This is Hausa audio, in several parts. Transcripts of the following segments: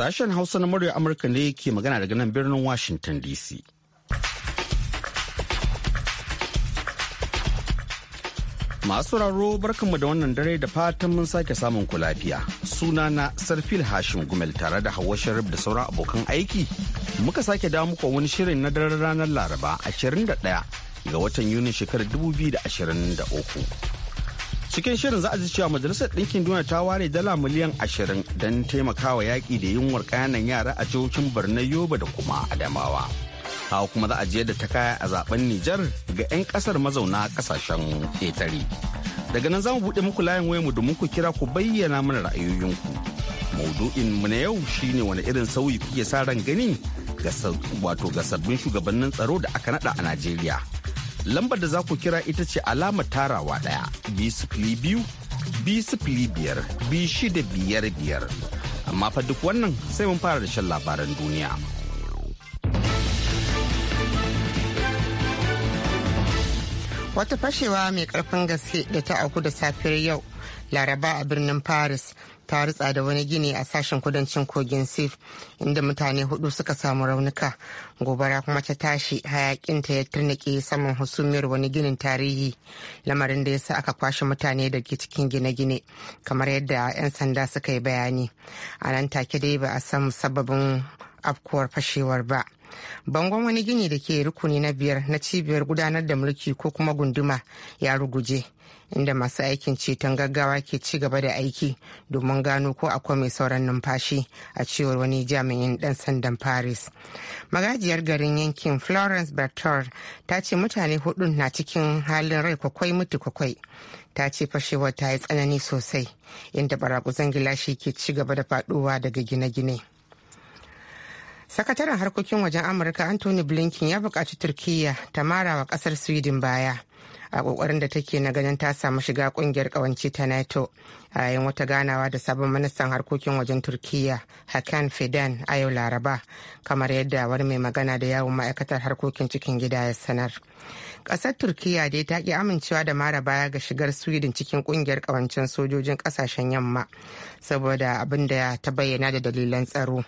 Sashen Hausa na murya Amurka ne ke magana daga nan birnin Washington DC. Masu raro barkanmu da wannan dare da fatan mun sake samun ku lafiya. na Sarfil Hashim Gumel tare da Hauwa Sharif da sauran abokan aiki. Muka sake dawo muku wani shirin na daren ranar Laraba 21 ga watan Yuni shekarar 2023. cikin shirin za a ji cewa majalisar ɗinkin duniya ta ware dala miliyan ashirin don taimakawa yaƙi da yunwar ƙananan yara a jihohin birnin yoba da kuma adamawa hawa kuma za a je da ta kaya a zaben nijar ga 'yan ƙasar mazauna ƙasashen ƙetare daga nan za mu buɗe muku layin wayarmu domin ku kira ku bayyana mana ra'ayoyinku maudu'in mu na yau shine wani irin sauyi kuke sa ran gani ga wato ga sabbin shugabannin tsaro da aka naɗa a najeriya lambar da za ku kira ita ce alamar tarawa ɗaya biyu biyu biyu biyar da biyar biyar amma fa duk wannan sai mun fara da shan labaran duniya. Wata fashewa mai karfin gaske da ta auku da safiyar yau Laraba a birnin Paris ta ritsa da wani gini a sashen kudancin kogin sif inda mutane hudu suka samu raunuka gobara kuma ta tashi hayakinta ya turnike saman hasumiyar wani ginin tarihi lamarin da ya sa aka kwashe mutane da ke cikin gine-gine kamar yadda 'yan sanda suka yi bayani a nan take dai ba a san sababin afkuwar fashewar ba bangon wani gini da ke rukuni na biyar na cibiyar gudanar da mulki ko kuma gunduma ya ruguje inda masu aikin ceton gaggawa ke ci gaba da aiki domin gano ko akwai mai sauran numfashi a cewar wani jami'in dan sandan paris magajiyar garin yankin florence bertor ta ce mutane hudu na cikin halin rai kwakwai mutu kwakwai ta ce fashewar ta yi tsanani sosai inda barakuzan gilashi ke ci gaba da faduwa daga gine-gine sakataren harkokin wajen amurka anthony blinken ya buƙaci turkiyya ta mara wa ƙasar sweden baya a kokarin da take na ganin ta samu shiga kungiyar kawance ta nato a yayin wata ganawa da sabon ministan harkokin wajen turkiyya hakan fidan a yau laraba kamar yadda wani mai magana da yawon ma'aikatar harkokin cikin gida ya sanar ƙasar turkiyya dai ta ki amincewa da mara baya ga shigar sweden cikin kungiyar kawancin sojojin kasashen yamma saboda abin da ta bayyana da dalilan tsaro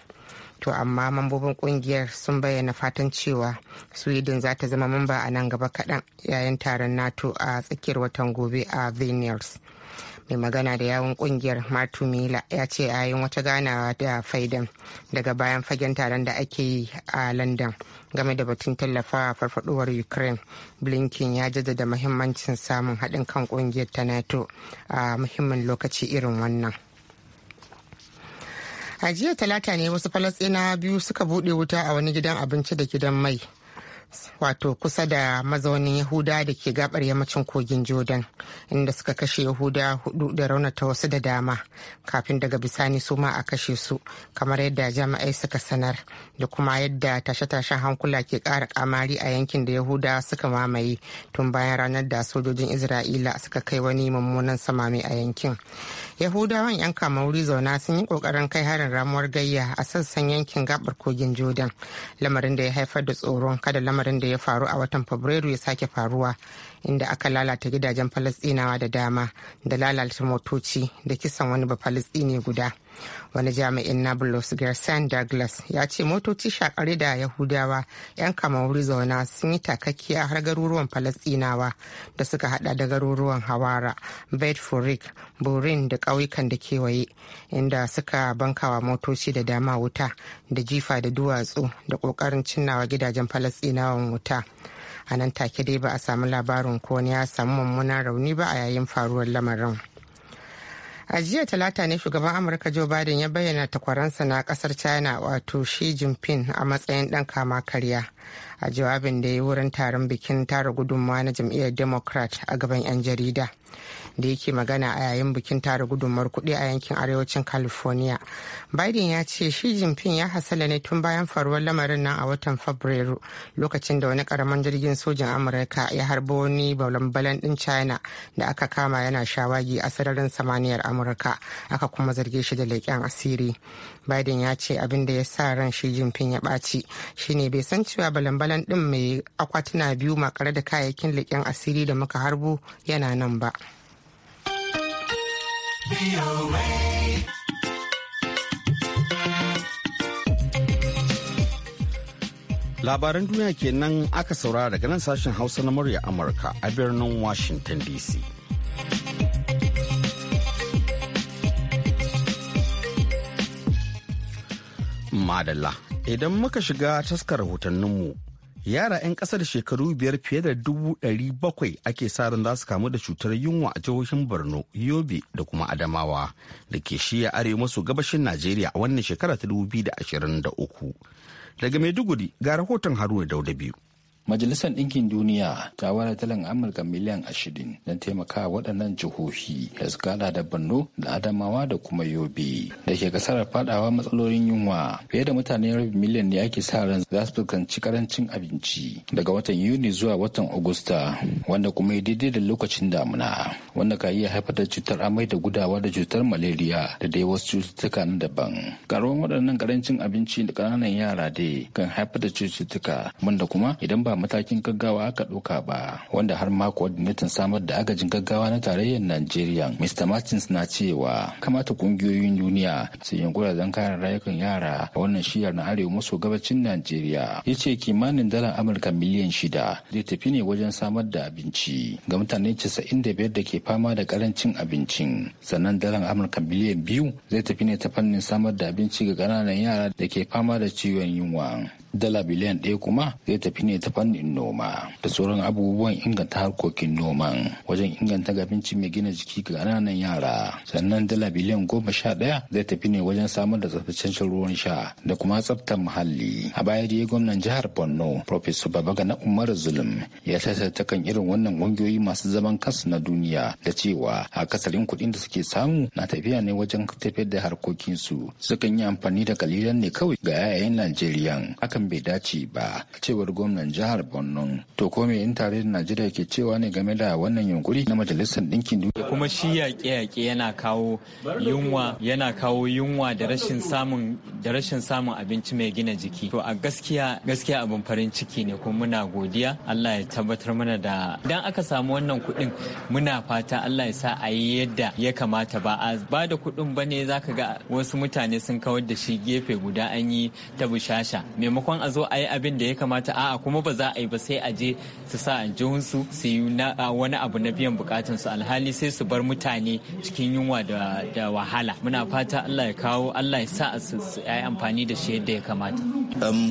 to amma mambobin kungiyar sun bayyana fatan cewa sweden za ta zama mamba a nan gaba kaɗan yayin taron nato a tsakiyar watan gobe a vilnius mai magana da yawon kungiyar martu mila ya ce a yayin wata ganawa da faidan daga bayan fagen taron da ake yi a london game da batun tallafawa farfaduwar ukraine blinken ya jaddada muhimmancin samun haɗin kan kungiyar ta nato a muhimmin lokaci irin wannan a jiya talata ne wasu falasɗinawa biyu suka bude wuta a wani gidan abinci da gidan mai wato kusa da mazaunin yahuda da ke gabar yammacin kogin jordan inda suka kashe yahuda hudu da raunata wasu da dama kafin daga bisani su ma a kashe su kamar yadda jami'ai suka sanar da kuma yadda tashe-tashen hankula ke kara kamari a yankin da yahuda suka mamaye tun bayan ranar da sojojin isra'ila suka kai wani mummunan mai a yankin yahudawan 'yan kamauri zauna sun yi kokarin kai harin ramuwar gayya a sassan yankin gabar kogin jordan lamarin da ya haifar da tsoron kada lamarin da ya faru a watan fabrairu ya sake faruwa inda aka lalata gidajen falasɗinawa da dama da lalata motoci da kisan wani ba falastine guda wani jami'in nablus gerson douglas ya ce motoci shakari da yahudawa 'yan kamauri zauna sun yi takakkiya har garuruwan falastinawa da suka hada da garuruwan hawara bedford burin da ƙauyukan da kewaye inda suka bankawa motoci da dama wuta da jifa da duwatsu da ƙoƙarin cinnawa gidajen falastinawan wuta a nan take dai ba a samu labarin ko ya samu mummunan rauni ba a yayin faruwar lamarin. a jiya talata ne shugaban amurka joe biden ya bayyana takwaransa na kasar china wato shi jinping a matsayin dan kama karya a jawabin da ya yi wurin taron bikin tara gudunmawa na jam'iyyar democrat a gaban 'yan jarida da yake magana a yayin bikin tara gudunmar kuɗi a yankin arewacin california biden ya ce shi jinping ya hasala ne tun bayan faruwar lamarin nan a watan fabrairu lokacin da wani karamin jirgin sojin amurka ya harbo wani balan din china da aka kama yana shawagi a sararin samaniyar amurka aka kuma zarge shi da leƙen asiri biden ya ce abin da ya sa ran shi jinping ya ɓaci shine bai san cewa balan-balan din mai akwatuna biyu makare da kayayyakin leƙen asiri da muka harbo yana nan ba. Labaran duniya kenan aka saurara daga nan sashen Hausa na murya Amurka a birnin Washington DC. Madalla, idan muka shiga taskar rahotanninmu yara 'yan kasar shekaru biyar fiye da dubu ɗari bakwai ake sa ran za su kamu da cutar yunwa a jihohin borno yobe da kuma adamawa da ke shiya arewa maso gabashin najeriya a wannan shekara ta 2023 daga maiduguri ga rahoton haruna dauda biyu Majalisar Ɗinkin Duniya ta wara talan Amurka miliyan ashirin don taimakawa waɗannan jihohi da su gada da Borno da Adamawa da kuma Yobe da ke kasarar fadawa matsalolin yunwa. Fiye da mutane rabin miliyan ne ake sa ran za su fuskanci karancin abinci daga watan Yuni zuwa watan Agusta wanda kuma ya daidai da lokacin damuna wanda ka iya haifar da cutar amai da gudawa da cutar malaria da dai wasu cututtuka na daban. Karuwan waɗannan karancin abinci da ƙananan yara dai kan haifar da cututtuka wanda kuma idan ba ba matakin gaggawa aka ɗauka ba wanda har ma coordinator samar da agajin gaggawa na tarayyar Najeriya Mr. Martins na cewa kamata kungiyoyin duniya su yunkura don kare rayukan yara a wannan shiyar na arewa maso gabacin Najeriya ya ce kimanin dalar Amurka miliyan shida zai tafi ne wajen samar da abinci ga mutane casa'in da biyar da ke fama da karancin abincin sannan dalar Amurka miliyan biyu zai tafi ne ta fannin samar da abinci ga ƙananan yara da ke fama da ciwon yunwa dala biliyan ɗaya kuma zai tafi ne ta fannin noma da sauran abubuwan inganta harkokin noman wajen inganta abinci mai gina jiki ga ƙananan yara sannan dala biliyan goma sha ɗaya zai tafi ne wajen samar da tsaftacen ruwan sha da kuma tsaftar muhalli a baya da gwamnan jihar borno professor babaga na umar zulum ya kan irin wannan ƙungiyoyi masu zaman kansu na duniya da cewa akasarin kuɗin da suke samu na tafiya ne wajen tafiyar da harkokinsu sukan yi amfani da kalilan ne kawai ga 'ya'yan najeriya hakan bai dace ba cewar gwamnan jihar borno to ko me in tare najeriya ke cewa ne game da wannan yunkuri na majalisar ɗinkin duniya kuma shi yaƙe-yaƙe yana kawo yunwa yana kawo yunwa da rashin samun da rashin samun abinci mai gina jiki to a gaskiya gaskiya abin farin ciki ne kuma muna godiya Allah ya tabbatar mana da idan aka samu wannan kuɗin muna fata Allah ya sa a yi yadda ya kamata ba a ba da kuɗin ba ne zaka ga wasu mutane sun kawar da shi gefe guda an yi ta bushasha maimakon maimakon a zo a yi abin da ya kamata a'a kuma ba za a yi ba sai a je su sa aljihunsu su yi wani abu na biyan su alhali sai su bar mutane cikin yunwa da wahala muna fata allah ya kawo allah ya sa a yi amfani da shi yadda ya kamata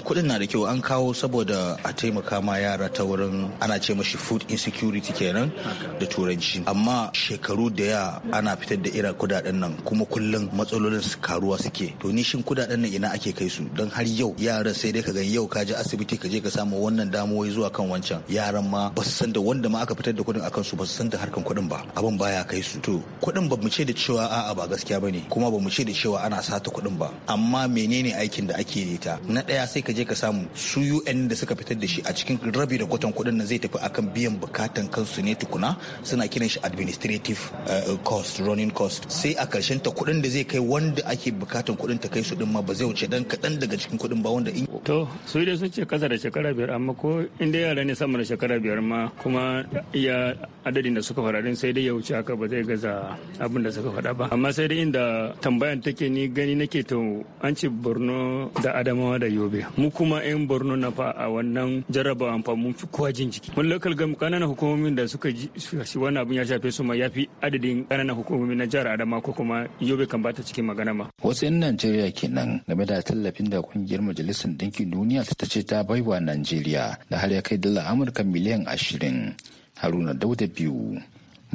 kuɗin na da kyau an kawo saboda a taimaka ma yara ta wurin ana ce mashi food insecurity kenan da turanci amma shekaru da ya ana fitar da irin kudaden nan kuma kullum matsalolin su karuwa suke to ni shin kudaden nan ina ake kai su don har yau yaran sai dai ka ga yau ka je asibiti ka je ka samu wannan damuwoyi zuwa kan wancan yaran ma ba su san da wanda ma aka fitar da kuɗin akan su ba su san da harkan kuɗin ba abin baya kai su to kuɗin ba mu ce da cewa a'a ba gaskiya bane kuma ba mu ce da cewa ana sata kuɗin ba amma menene aikin da ake yi ta na ɗaya sai ka je ka samu su UN da suka fitar da shi a cikin rabi da kwatan kuɗin nan zai tafi akan biyan bukatan kansu ne tukuna suna kiran shi administrative eh, cost running cost sai a karshen ta kuɗin da zai kai wanda ake bukatan kuɗin ta kai su din ma ba zai wuce dan kaɗan daga cikin kuɗin ba wanda in to su dai sun ce kasa da shekara biyar amma ko inda yara ne sama da shekara biyar ma kuma iya adadin da suka faɗa sai dai ya wuce haka ba zai gaza abin da suka faɗa ba. Amma sai dai inda tambayan take ni gani nake to an ce Borno da Adamawa da Yobe. Mu kuma 'yan Borno na fa a wannan jarrabawan fa mun fi kowa jin jiki. Mun lokal gam kananan hukumomin da suka ji wannan abin ya shafe su ma ya adadin kananan hukumomi na jihar Adama ko kuma Yobe kan bata cikin magana ma. Wasu 'yan Najeriya kenan game da tallafin da kungiyar Majalisar Dinkin duniya ta ce ta baiwa najeriya da har ya kai dala amurka miliyan ashirin haruna dauda biyu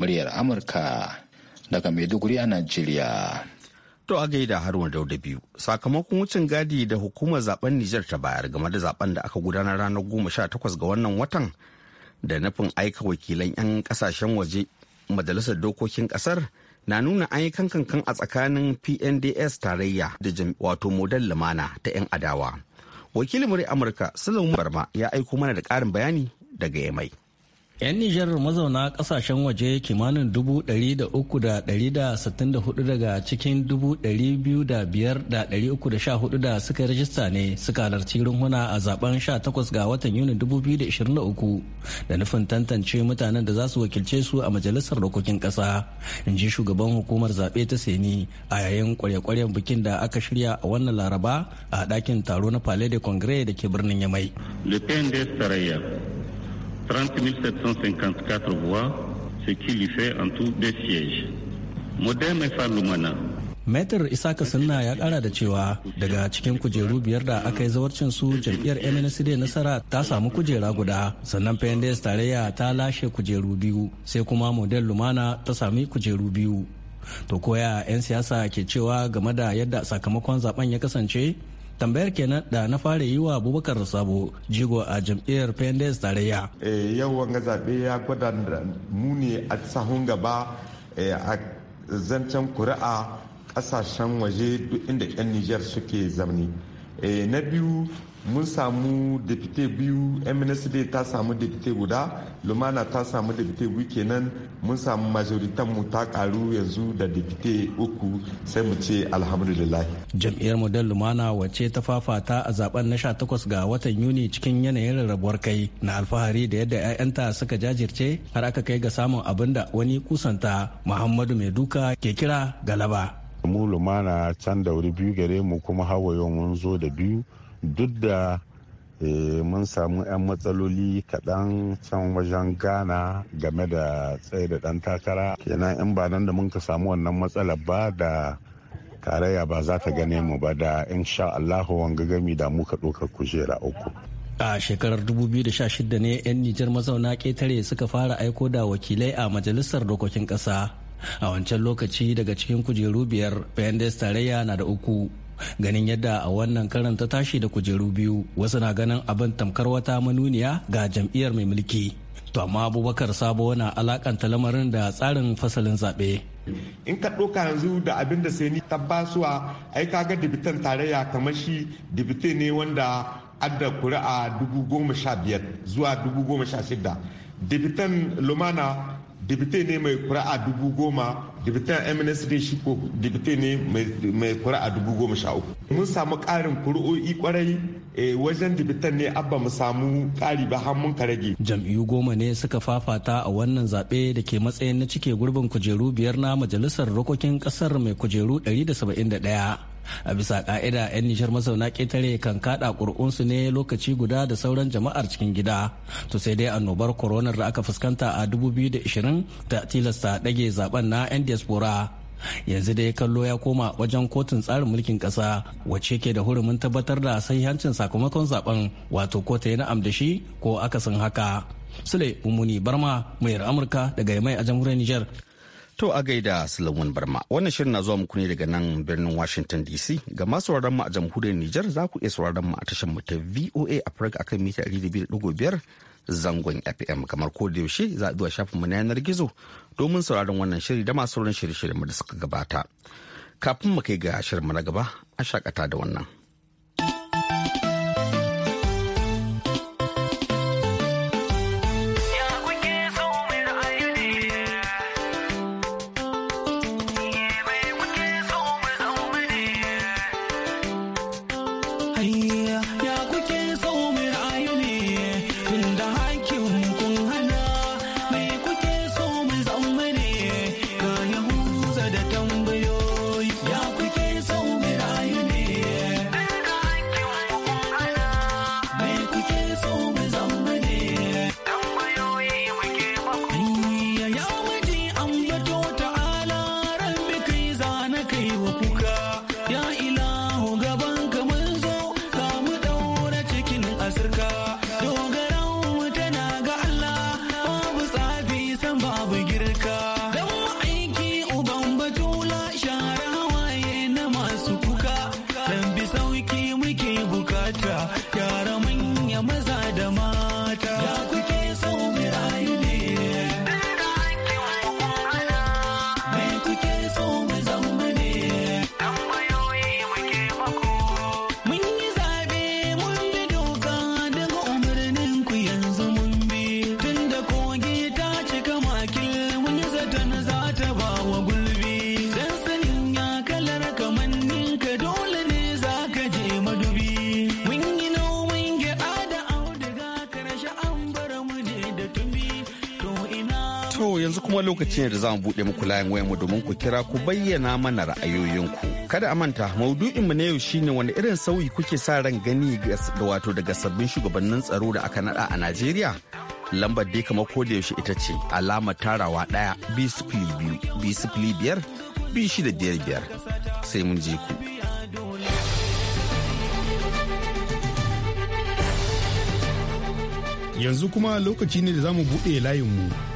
muryar amurka daga maiduguri a najeriya to a gaida haruna dauda biyu sakamakon wucin gadi da hukumar zaben nijar ta bayar game da zaben da aka gudanar ranar goma sha takwas ga wannan watan da nufin aika wakilan 'yan kasashen waje majalisar dokokin kasar na nuna an yi kankan a tsakanin pnds tarayya da wato model lumana ta 'yan adawa wakilin murai amurka sulaiman barma ya aiko mana da ƙarin bayani daga yamai 'Yan Nijar mazauna kasashen waje kimanin 300,364 daga cikin 205,314 da suka rajista ne suka halarci runhuna a zaben 18 ga watan Yuni 2023 da nufin tantance mutanen da za su wakilce su a majalisar dokokin kasa in ji shugaban hukumar zaɓe ta Seni a yayin kwarya kwaryen bikin da aka shirya a wannan laraba a dakin taro na Palais de Congrès da ke birnin Yamai. 30 754 voix, ce qui lui fait en tout deux sièges. Modem Maitar Isaka Sunna ya kara da cewa daga cikin kujeru biyar da aka yi zawarcin su jam'iyyar MNCD nasara ta samu kujera guda sannan PNDS tarayya ta lashe kujeru biyu sai kuma model Lumana ta sami kujeru biyu. To koya 'yan siyasa ke cewa game da yadda sakamakon zaben ya kasance? tambayar kenan da na fara yi wa abubakar sabo jigo a jam'iyyar pendes tarayya eh, yau wanga zaɓe ya gwada mu ne a sahun gaba eh, a zancen kuri'a ƙasashen waje duk inda 'yan nijar suke zamani Eh, na biyu mun samu depite biyu mnsd ta samu depite guda lumana ta samu depite biyu kenan mun samu majoritan mu ta karu yanzu da depite uku sai mu ce alhamdulillah jam'iyyar model lumana wacce ta fafata a zaben na sha takwas ga watan yuni cikin yanayin rarrabuwar kai na alfahari da yadda 'ya'yanta suka jajirce har aka kai ga samun abin da wani kusanta muhammadu mai duka ke kira galaba mu lumana can da wuri biyu gare mu kuma hawaye mun zo da biyu duk da eh, mun samu 'yan matsaloli kaɗan can wajen gana game da tsaye da ɗan takara kenan in ba nan da mun ka samu wannan matsalar ba da tarayya ba za ta gane mu ba da insha allahu wanga gami da muka ɗaukar kujera uku a shekarar 2016 ne 'yan nijar mazauna ketare suka fara aiko da wakilai a majalisar dokokin ƙasa a wancan lokaci daga cikin kujeru biyar pendes tarayya na da uku ganin yadda a wannan karan ta tashi da kujeru biyu wasu na ganin abin tamkar wata manuniya ga jam'iyyar mai mulki to amma abubakar sabo na alakanta lamarin da tsarin fasalin zaɓe in ka ɗauka yanzu da abin da sai ni tabbasuwa ai ga dibitan tarayya kamar shi dibite ne wanda adda kuri'a dubu goma sha biyar zuwa dubu goma sha shida dibitan lumana dibite ne mai kura a dubu goma dibitan mnsd shi dibite ne mai kura a dubu goma sha uku mun samu ƙarin kuri'o'i kwarai eh, wajen dibitan ne abba mu samu ƙari ba har mun rage. jam'iyyu goma ne suka fafata a wannan zaɓe da ke matsayin na cike gurbin kujeru biyar na majalisar rokokin ƙasar mai kujeru 171 a bisa ka'ida 'yan nishar mazauna ketare kan kada ƙuri'unsu ne lokaci guda da sauran jama'ar cikin gida to sai dai annobar koronar da aka fuskanta a 2020 ta tilasta dage zaben na 'yan diaspora yanzu dai kallo ya koma wajen kotun tsarin mulkin ƙasa wacce ke da hurumin tabbatar da sahihancin sakamakon zaben wato ko ta yi na'am da shi ko akasin haka sule mummuni barma mayar amurka daga mai a jamhuriyar niger To a gaida Sulaiman Barma. Wannan shirin na zuwa muku ne daga nan birnin Washington DC. Ga masu sauraron mu a jamhuriyar Nijar za ku iya sauraron mu a tashar mu ta VOA Africa akan mita 200.5 zangon FM kamar ko da yaushe za a zuwa shafin mu na yanar gizo domin sauraron wannan shiri da masu sauran shirye-shiryen mu da suka gabata. Kafin mu kai ga shirin mu na gaba a shakata da wannan. To yanzu kuma lokaci ne da za mu buɗe muku layin wayanmu domin ku kira ku bayyana mana ra'ayoyinku. Kada a manta maudu'inmu na yau shine wani irin sauyi kuke sa ran gani ga wato daga sabbin shugabannin tsaro da aka naɗa a Najeriya. Lambar dai kamar ko da yaushe ita ce alama tarawa ɗaya bi sifili biyu bi sifili biyar bi shida biyar biyar sai mun je ku. Yanzu kuma lokaci ne da za mu buɗe layinmu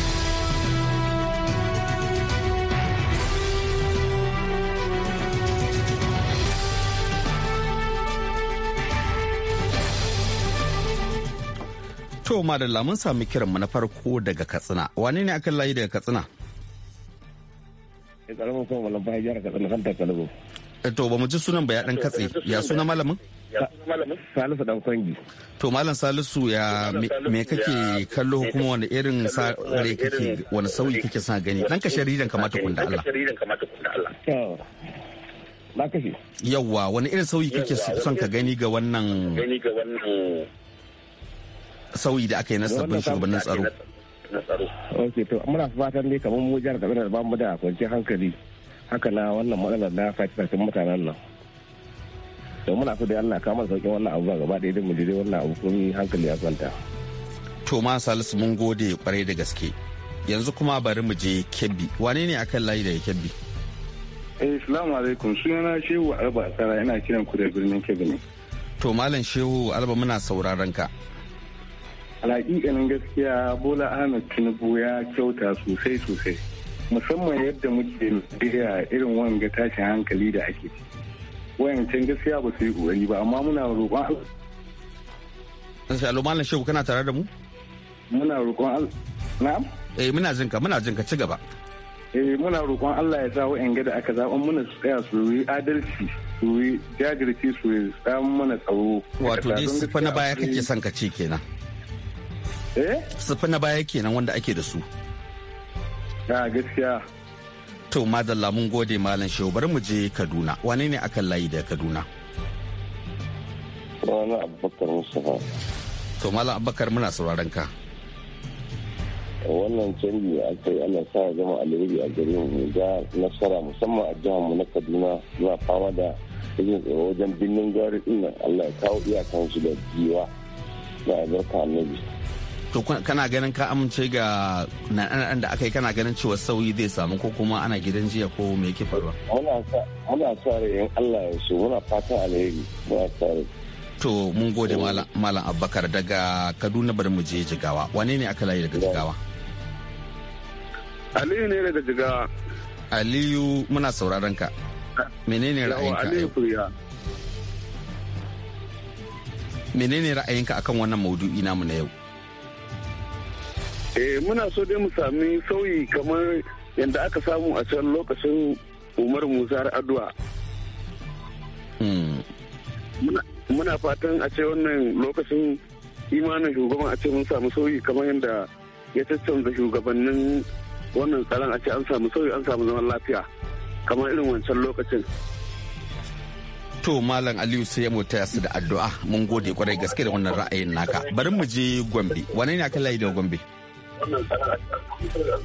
To madalla mun sami kiran mu na farko daga Katsina. Wane ne akan layi daga Katsina? Ya karamin kuma malam bai jira Katsina kan takalago. Eh, to ba mu ji sunan ba ya dan katse. Ya sunan malamin? Ya sunan malamin? Salisu dan kwangi. To malam Salisu ya me kake kallo kuma wani irin sare kake wani sauyi kake sa gani? Dan kashe ridan kamata kun da Allah. Na kashe. Yawwa wani irin sauyi kake son ka gani ga wannan sauyi da aka yi na sabbin shugabannin tsaro ok to muna fatan ne kamar mu jihar kaduna da mu da kwanciyar hankali haka na wannan matsalar na fati facen mutanen nan to muna so da allah mana sauƙin wannan abu gaba da idan mu je wannan abu kun hankali ya kwanta to ma salisu mun gode kwarai da gaske yanzu kuma bari mu je kebbi wane ne akan layi da kebbi eh salamu alaikum sunana shehu alba Sara ina kiran ku da birnin kebbi ne to malam shehu alba muna sauraron ka alaƙiƙanin gaskiya bola ahmed tinubu ya kyauta sosai sosai musamman yadda muke da irin wanga tashin hankali da ake wayancan gaskiya ba su yi ƙoƙari ba amma muna roƙon Allah. Malam Shehu kana tare da mu? Muna roƙon Allah. Na'am? Eh muna jin ka muna jinka ci gaba. Eh muna roƙon Allah ya sa wa'anga da aka zaɓa muna su tsaya su yi adalci su yi jajirci su yi samun mana tsaro. Wato dai sifa na baya kake son ka ci kenan. Eh? Sufi na baya kenan wanda ake da su. Ya ah, gaskiya. To madalla mun gode malam shehu bari mu je Kaduna. Wane ne akan layi da Kaduna? Wani Abubakar Mustapha. To malam Abubakar muna sauraron ka. wannan canji da aka yi ana sa zama alheri a gare mu ga nasara musamman a jihar mu na kaduna zuwa fama da cikin tsoro wajen birnin gwari ina allah ya kawo iyakansu da jiwa da albarka annabi to kana ganin ka amince ga nan da aka yi kana ganin cewa sauyi zai samu ko kuma ana gidan jiya ko me yake faruwa ana sa in Allah ya so muna fatan alheri muna sa to mun gode malam Abubakar daga Kaduna bari mu je Jigawa wane ne aka layi daga Jigawa Aliyu ne daga Jigawa Aliyu muna sauraron ka menene ra'ayinka Aliyu menene ra'ayinka akan wannan maudu'i namu na yau eh muna so dai mu sami sauyi kamar yadda aka samu a can lokacin umar musa addu'a hmm. muna fatan a ce wannan lokacin imanin shugaban a ce mun samu sauyi kamar yadda ya canza shugabannin wannan tsaron a ce an samu sauyi an samu zaman lafiya kamar irin wancan lokacin to malam aliyu sai ya mota su da addu'a mun gode kwarai gaske da wannan ra'ayin naka bari mu je gombe wane ne aka layi da gombe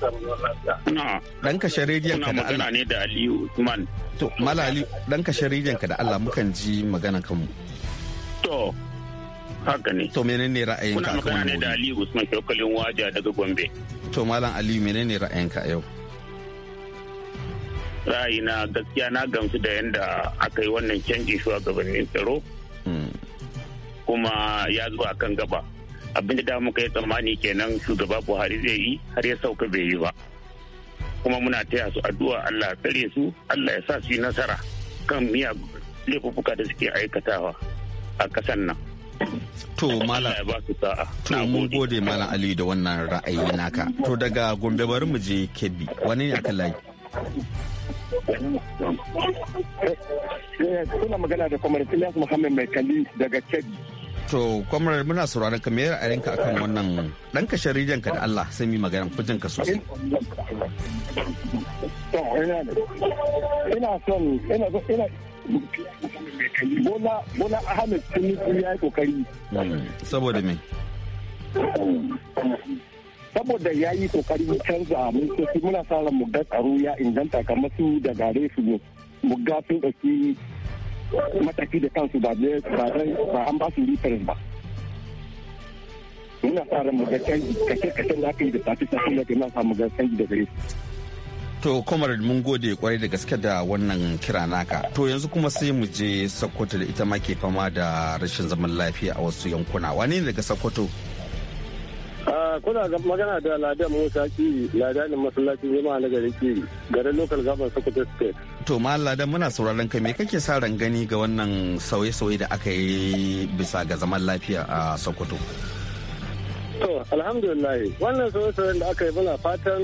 wannan Dan kashe rediyon ka da Allah. magana ne da Aliyu Usman. To Mala Aliyu dan kashe rediyon ka da Allah mukan ji magana kanmu. To haka ne. To menene ra'ayin ka? Kuna magana ne da Aliyu Usman Shokalin Waja daga Gombe. To Malam Aliyu menene ra'ayin ka yau? na gaskiya na gamsu da yanda aka yi wannan canji shugabannin tsaro hmm. kuma ya zuwa kan gaba abinda da muka yi tsammani kenan shugaba buhari zai yi har ya sauka bai yi ba kuma muna taya su addu'a allah tsare su allah ya sa su yi nasara kan miya laifuka da suke aikatawa a kasan nan To Mala To mun gode Malam Ali da wannan ra'ayi naka. To daga Gombe bari mu je Kebbi. Wani ne aka layi? Suna eh, eh, magana da Kwamar Ilyas Muhammad Mai Kali daga Kebbi. To, kwamarar muna sauraron ka a yanka akan wannan dan kashe rijan ka da Allah sai mi magana kujin ka sosai. Ina son, ina son, ina Bola, Bola Ahmed ya yi kokari. Hmm. Saboda me? saboda ya yi canza mulkoki muna sa ran ga tsaro ya inganta kamar su da gare su mu ga sun ɗauki mataki da kansu ba ba an ba su reference ba muna fara mu ga canji kake-kake da kai yi da tafi tafi da muna samu ga canji da gare To Komar mun gode kwarai da gaske da wannan kira naka. To yanzu kuma sai mu je Sokoto da ita ma ke fama da rashin zaman lafiya a wasu yankuna. wani ne daga Sokoto? kuna magana da Ladan Musa ki Ladan Masallacin Jama'a na garin Kiri, garin Local Government Sokoto State. to dan muna sauraron kai me kake sa ran gani ga wannan sauye-sauye da aka yi bisa ga zaman lafiya a sokoto to alhamdulillah wannan sauye sauye da aka yi muna fatan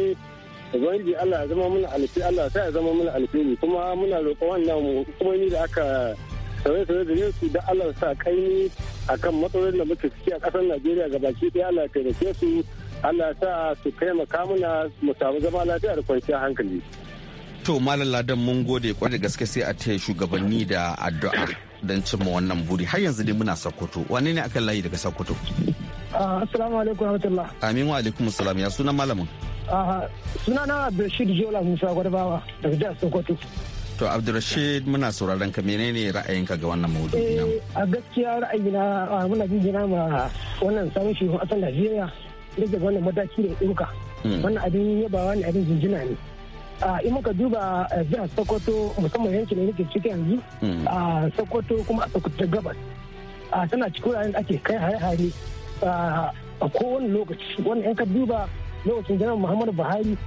ubangiji allah ya zama muna alfi allah sai ya zama muna alfi kuma muna roƙon wannan hukumomi da aka sauye-sauye da yesu da allah sa kaini akan matsalolin da muke ciki a ƙasar najeriya baki ɗaya allah ya taimake su allah sa su taimaka makamuna mu samu zama lafiya da kwanciyar hankali To Malam Ladan mun gode kwarai gaske sai a taya shugabanni da addu'a don cimma wannan buri har yanzu dai muna Sokoto wani ne akan layi daga Sokoto? Ah, assalamu alaikum warahmatullah. Amin wa alaikum salam ya sunan malamin. Ah, Suna na Abdulrashid Jola Musa Gwarbawa daga jihar Sokoto. To Abdulrashid muna sauraron ka menene ra'ayinka ga wannan mawudu eh, A gaskiya ra'ayina muna jinjina ma wannan samun shugaban ƙasar Najeriya da wannan mataki da ɗauka. Hmm. Wannan abin yabawa ne abin jinjina ne. in muka duba eh, jihar sokoto musamman yankin da nake ciki yanzu hmm. a sokoto kuma a sokoto gabas tana cikin wuraren da ake kai hare-hare a kowane lokaci wanda in ka duba lokacin janar muhammadu buhari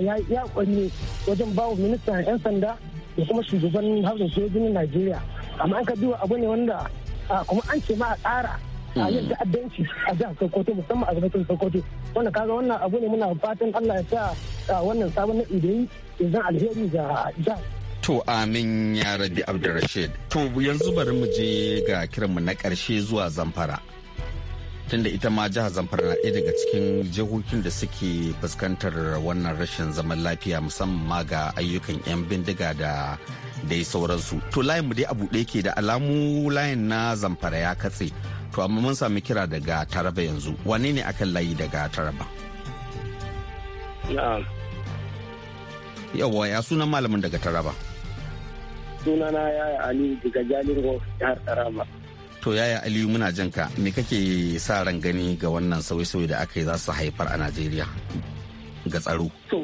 ya yi kwanne wajen bawa ministan 'yan sanda da kuma shugaban hausa sojojin najeriya amma an ka duba abu ne wanda kuma an ce ma a tsara a hmm. yin ta'addanci a jihar sokoto musamman a gabatar sokoto wanda kaga wannan abu ne muna fatan allah ya sa wannan sabon na idan zan alheri ga jihar To amin ya rabi Abdulrashid. To yanzu bari mu je ga kiranmu na ƙarshe zuwa Zamfara. Tunda ita ma jihar Zamfara na ɗaya daga cikin jihohin da suke fuskantar wannan rashin zaman lafiya musamman ma ga ayyukan 'yan bindiga da dai sauransu. To layin mu dai abu ɗaya ke da alamu layin na Zamfara ya katse. To amma mun sami kira daga Taraba yanzu. Wane ne akan layi daga Taraba? Na'am. yawa ya sunan malamin daga Taraba. Sunana yaya Ali daga Jalingo jihar Taraba. To yaya Aliyu muna jin ka me kake sa ran gani ga wannan sauye-sauye da aka yi za su haifar a Najeriya ga tsaro? To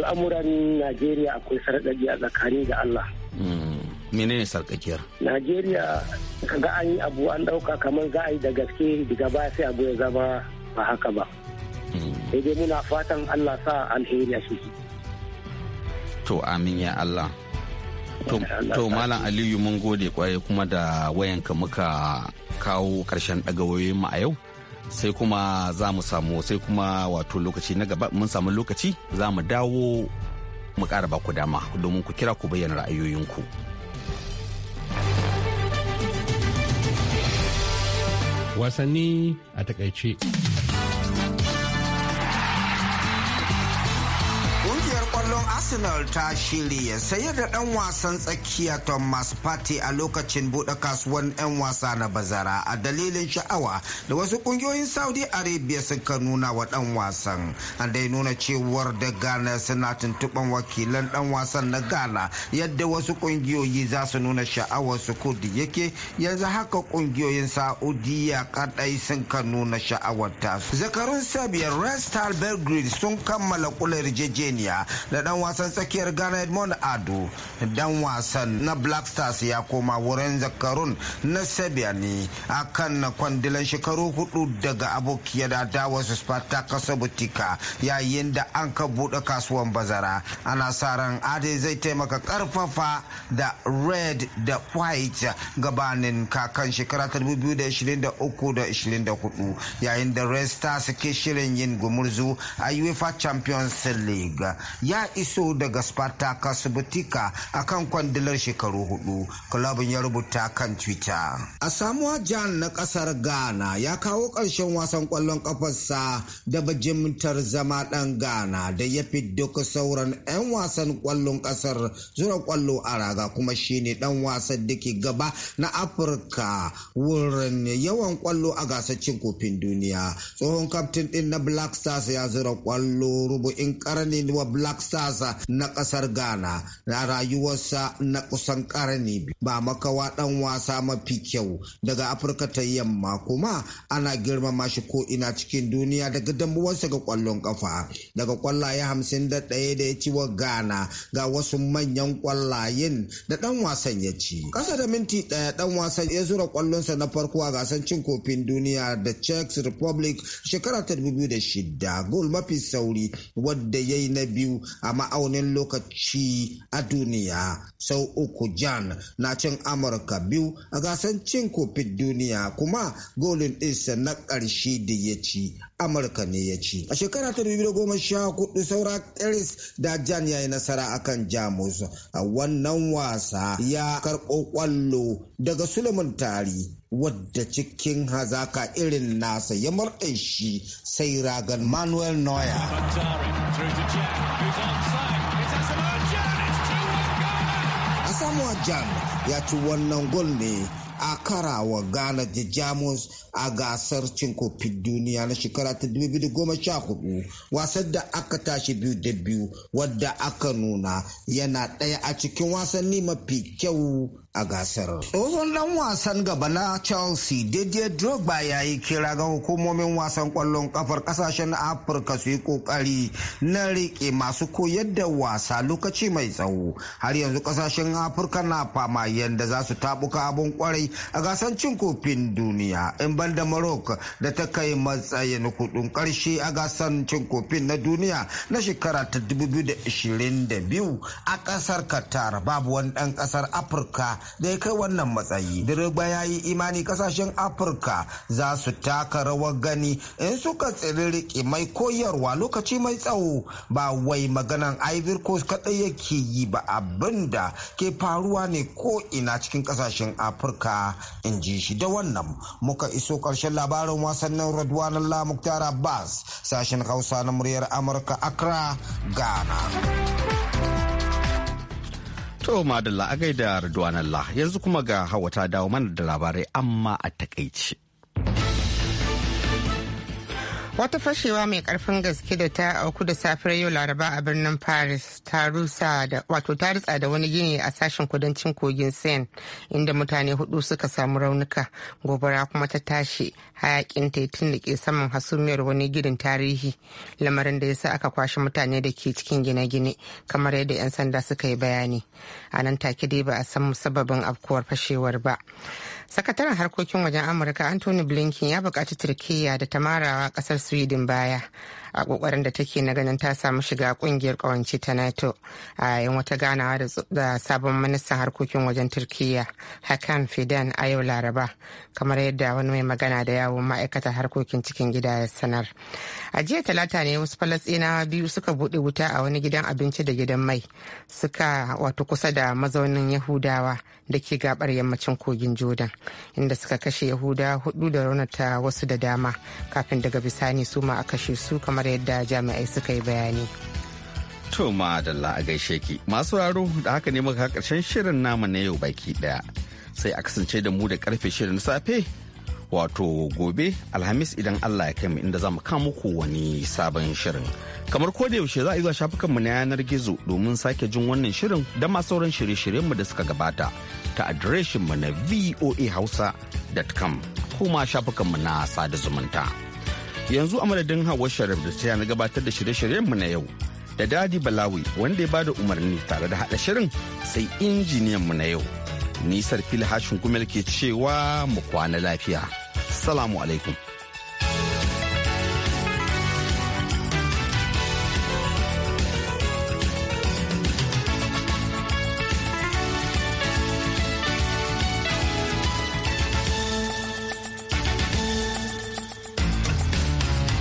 al'amuran Najeriya akwai sarƙaƙi a tsakani da Allah. Hmm, menene sarƙaƙiyar? Najeriya kaga an yi abu an ɗauka kamar za a yi da gaske daga ba sai abu ya zama ba haka ba. sai dai muna fatan Allah sa alheri a shi. to amin ya Allah to malam aliyu mun gode kwaye kuma da wayanka muka kawo karshen ɗagawoyin mu a yau sai kuma za mu samu sai kuma wato lokaci na gaba mun samu lokaci za mu dawo mu ƙara baku dama domin ku kira ku bayyana ra'ayoyinku. Wasanni a takaice. arsenal ta shirya sayar da dan wasan tsakiya thomas party a lokacin buɗe kasuwan 'yan wasa na bazara a dalilin sha'awa da wasu kungiyoyin saudi arabia suka nuna wa dan wasan an dai nuna cewar da ghana suna tuntuɓan wakilan dan wasan na ghana yadda wasu kungiyoyi za su nuna sha'awar su kudi yake yanzu haka kungiyoyin saudiya kadai sun ka nuna sha'awar tasu zakarun sabiyar red belgrade sun kammala kula yarjejeniya da dan wasan tsakiyar ghana edmond ado dan wasan na black stars ya koma wurin zakarun na serbia ne akan na kwandilan shekaru hudu daga abokiya da abokiyar sparta kasa butika yayin da an ka buɗe kasuwan bazara ana sa ran ade zai taimaka karfafa da red da white gabanin kakan shekara 2023 da 2024 yayin da red stars ke shirin yin gumurzu a uefa champions league ya iso su daga Sparta kasubutika a kan kwandilar shekaru hudu, kulabin ya rubuta kan Twitter. A samuwa Jan na kasar Ghana ya kawo ƙarshen wasan kwallon kafarsa da bajimtar zama dan Ghana da ya fi duka sauran 'yan wasan kwallon ƙasar zura kwallo a raga kuma shine dan wasan diki gaba na Afirka wurin yawan kwallo a gasar cin kofin duniya. Tsohon kaftin din na Black Stars ya zura kwallo rubu'in karni wa Black Stars rayuwarsa na ƙasar Ghana na rayuwarsa na kusan ƙarni ba makawa ɗan wasa mafi kyau daga Afirka ta yamma kuma ana girmama shi ko ina cikin duniya daga dambuwarsa ga kwallon ƙafa daga kwallaye hamsin da ɗaya da ya ci wa Ghana ga wasu manyan ƙwallayen da ɗan wasan ya ci. Ƙasa da minti ɗaya ɗan wasan ya zura ƙwallonsa na farko a gasar cin kofin duniya da Czech Republic shekara ta 2006 gol mafi sauri wadda ya yi na biyu a ma'aunin lokaci a duniya sau uku jan na cin amurka biyu a gasar cin kofin duniya kuma golin ɗinsa na ƙarshe da ya ci amurka ne ya ci a shekara ta goma sha hudu saura iris da jan ya yi nasara akan jamus a wannan wasa ya karɓo ƙwallo daga suleiman tari wadda cikin hazaka irin nasa ya murɗe shi sai ragan manuel noya samuwa Jan ya ci wannan gol ne a wa Gana da Jamus a gasar cin kofin duniya na shekara ta 2014 wasan da aka tashi biyu da biyu wadda aka nuna yana ɗaya a cikin wasanni mafi kyau a gasar. Tsohon dan wasan gaba na Chelsea Didier Drogba ya yi kira ga hukumomin wasan kwallon kafar kasashen Afirka su yi kokari na rike masu koyar da wasa lokaci mai tsawo. Har yanzu kasashen Afirka na fama yadda za su tabuka abin kwarai a gasar cin kofin duniya. In ban da Morocco da ta kai matsayin kudin karshe a gasar cin kofin na duniya na shekara ta 2022 a kasar Qatar babu wani dan kasar Afirka da ya kai wannan matsayi direba ya yi imani kasashen afirka za su taka rawar gani in suka tsiri mai koyarwa lokaci mai tsawo ba wai maganan ivory coast kaɗai yake yi ba abin da ke faruwa ne ko ina cikin kasashen afirka in ji shi da wannan muka iso ƙarshen labarin wasannin radwanan lamuktar Bas sashen hausa na muryar amurka accra ghana To madalla a gaida Ridwan Allah yanzu kuma ga hawa ta dawo mana da labarai amma a takaici. Wata fashewa mai karfin gaske da ta auku da safiyar yau laraba a birnin Paris ta rusa da wato ta rutsa da wani gini a sashen kudancin kogin sen inda mutane hudu suka samu raunuka gobara kuma ta tashi hayakin ta ke saman hasumiyar wani gidan tarihi lamarin da yasa aka kwashe mutane da ke cikin gine-gine kamar yadda 'yan sanda suka yi bayani. A nan take dai ba a san sababin afkuwar fashewar ba. sakataren harkokin wajen amurka anthony blinken ya buƙaci turkiyya da tamarawa marawa ƙasar sweden baya a kokarin da take na ganin ta samu shiga kungiyar kawance ta nato a yayin wata ganawa da sabon ministan harkokin wajen turkiya hakan fidan a yau laraba kamar yadda wani mai magana da yawon ma'aikata harkokin cikin gida ya sanar a jiya talata ne wasu falastinawa biyu suka buɗe wuta a wani gidan abinci da gidan mai suka wato kusa da mazaunin yahudawa da ke gabar yammacin kogin jordan inda suka kashe yahudawa hudu da raunata wasu da dama kafin daga bisani su ma a kashe su kamar yadda jami'ai suka yi bayani. To madalla a gaishe ki masu raro da haka ne muka karshen shirin namu na yau baki daya sai a kasance da mu da karfe shirin safe wato gobe alhamis idan Allah ya kai mu inda za mu kama muku wani sabon shirin. Kamar ko da yaushe za a yi zuwa mu na yanar gizo domin sake jin wannan shirin da ma sauran shirye mu da suka gabata ta mu na voahausa.com ko ma shafukanmu na sada zumunta. yanzu a madadin hawa sharif da ta na gabatar da shirye-shiryenmu na yau da dadi balawi wanda ya bada umarni tare da haɗa shirin sai injiniyanmu na yau nisar fili hashin gumel ke cewa mu kwana lafiya salamu alaikum